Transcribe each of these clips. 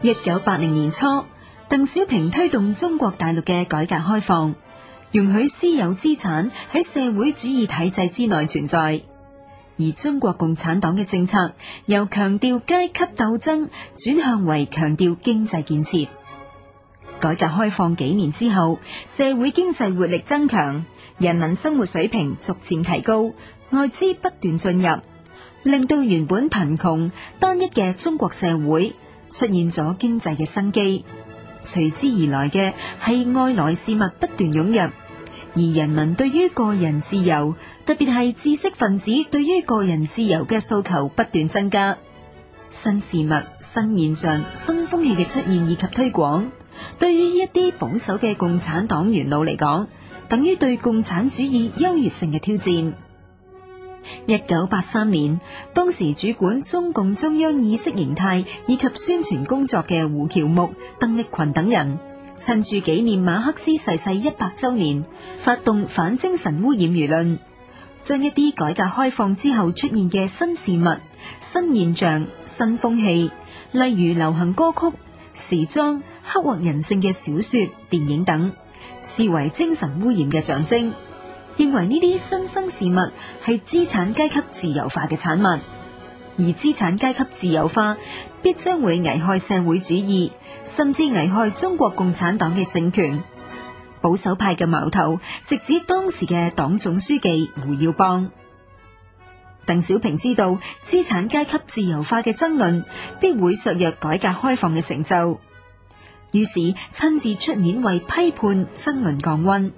一九八零年初，鄧小平推動中國大陸嘅改革開放，容許私有資產喺社會主義體制之內存在。而中國共產黨嘅政策由強調階級鬥爭轉向為強調經濟建設。改革開放幾年之後，社會經濟活力增強，人民生活水平逐漸提高，外資不斷進入，令到原本貧窮單一嘅中國社會。出現咗經濟嘅生機，隨之而來嘅係外來事物不斷湧入，而人民對於個人自由，特別係知識分子對於個人自由嘅訴求不斷增加。新事物、新現象、新風氣嘅出現以及推廣，對於一啲保守嘅共產黨元老嚟講，等於對共產主義優越性嘅挑戰。一九八三年，當時主管中共中央意識形態以及宣傳工作嘅胡喬木、鄧力群等人，趁住紀念馬克思逝世一百周年，發動反精神污染輿論，將一啲改革開放之後出現嘅新事物、新現象、新風氣，例如流行歌曲、時裝、刻畫人性嘅小說、電影等，視為精神污染嘅象徵。認為呢啲新生事物係資產階級自由化嘅產物，而資產階級自由化必將會危害社會主義，甚至危害中國共產黨嘅政權。保守派嘅矛頭直指當時嘅黨總書記胡耀邦。鄧小平知道資產階級自由化嘅爭論必會削弱改革開放嘅成就，於是親自出面為批判爭論降溫。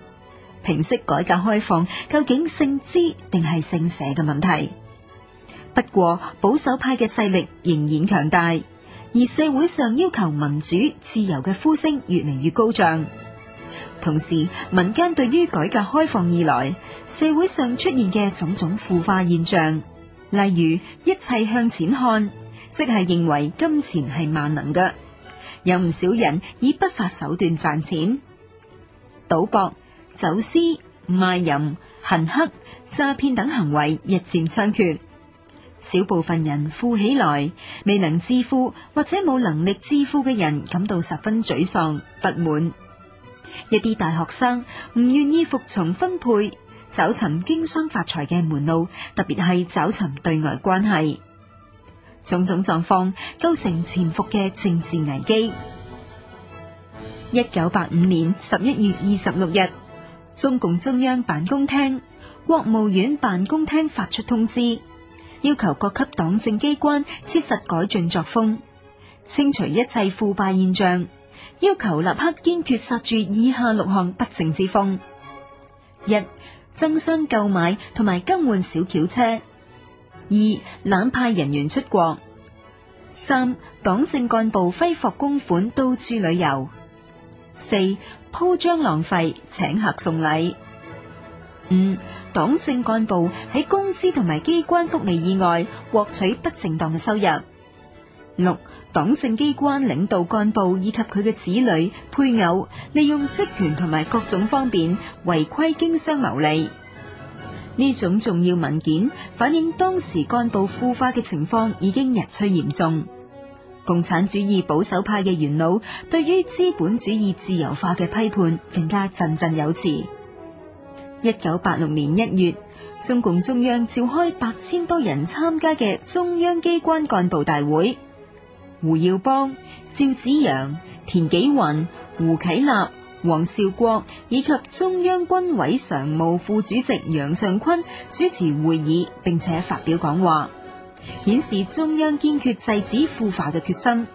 平息改革開放究竟姓資定係姓社嘅問題。不過保守派嘅勢力仍然強大，而社會上要求民主自由嘅呼聲越嚟越高漲。同時，民間對於改革開放以來社會上出現嘅種種腐化現象，例如一切向錢看，即係認為金錢係萬能嘅，有唔少人以不法手段賺錢、賭博。走私、賣淫、行黑、詐騙等行為日漸猖獗，小部分人富起來，未能致富或者冇能力致富嘅人感到十分沮喪不滿。一啲大學生唔願意服從分配，找尋經商發財嘅門路，特別係找尋對外關係。種種狀況構成潛伏嘅政治危機。一九八五年十一月二十六日。中共中央辦公廳、國務院辦公廳發出通知，要求各級黨政機關切實改進作風，清除一切腐敗現象，要求立刻堅決剎住以下六項不正之風：一、爭相購買同埋更換小轎車；二、濫派人員出國；三、黨政幹部揮霍公款到處旅遊；四、鋪張浪費，請客送禮；五、，黨政幹部喺工資同埋機關福利以外獲取不正當嘅收入；六、，黨政機關領導幹部以及佢嘅子女配偶利用職權同埋各種方便違規經商牟利。呢種重要文件反映當時幹部腐化嘅情況已經日趨嚴重。共產主義保守派嘅元老對於資本主義自由化嘅批判更加振振有詞。一九八六年一月，中共中央召開八千多人參加嘅中央機關幹部大會，胡耀邦、趙紫陽、田紀雲、胡啟立、王兆國以及中央軍委常務副主席楊尚昆主持會議，並且發表講話。顯示中央堅決制止腐化嘅決心。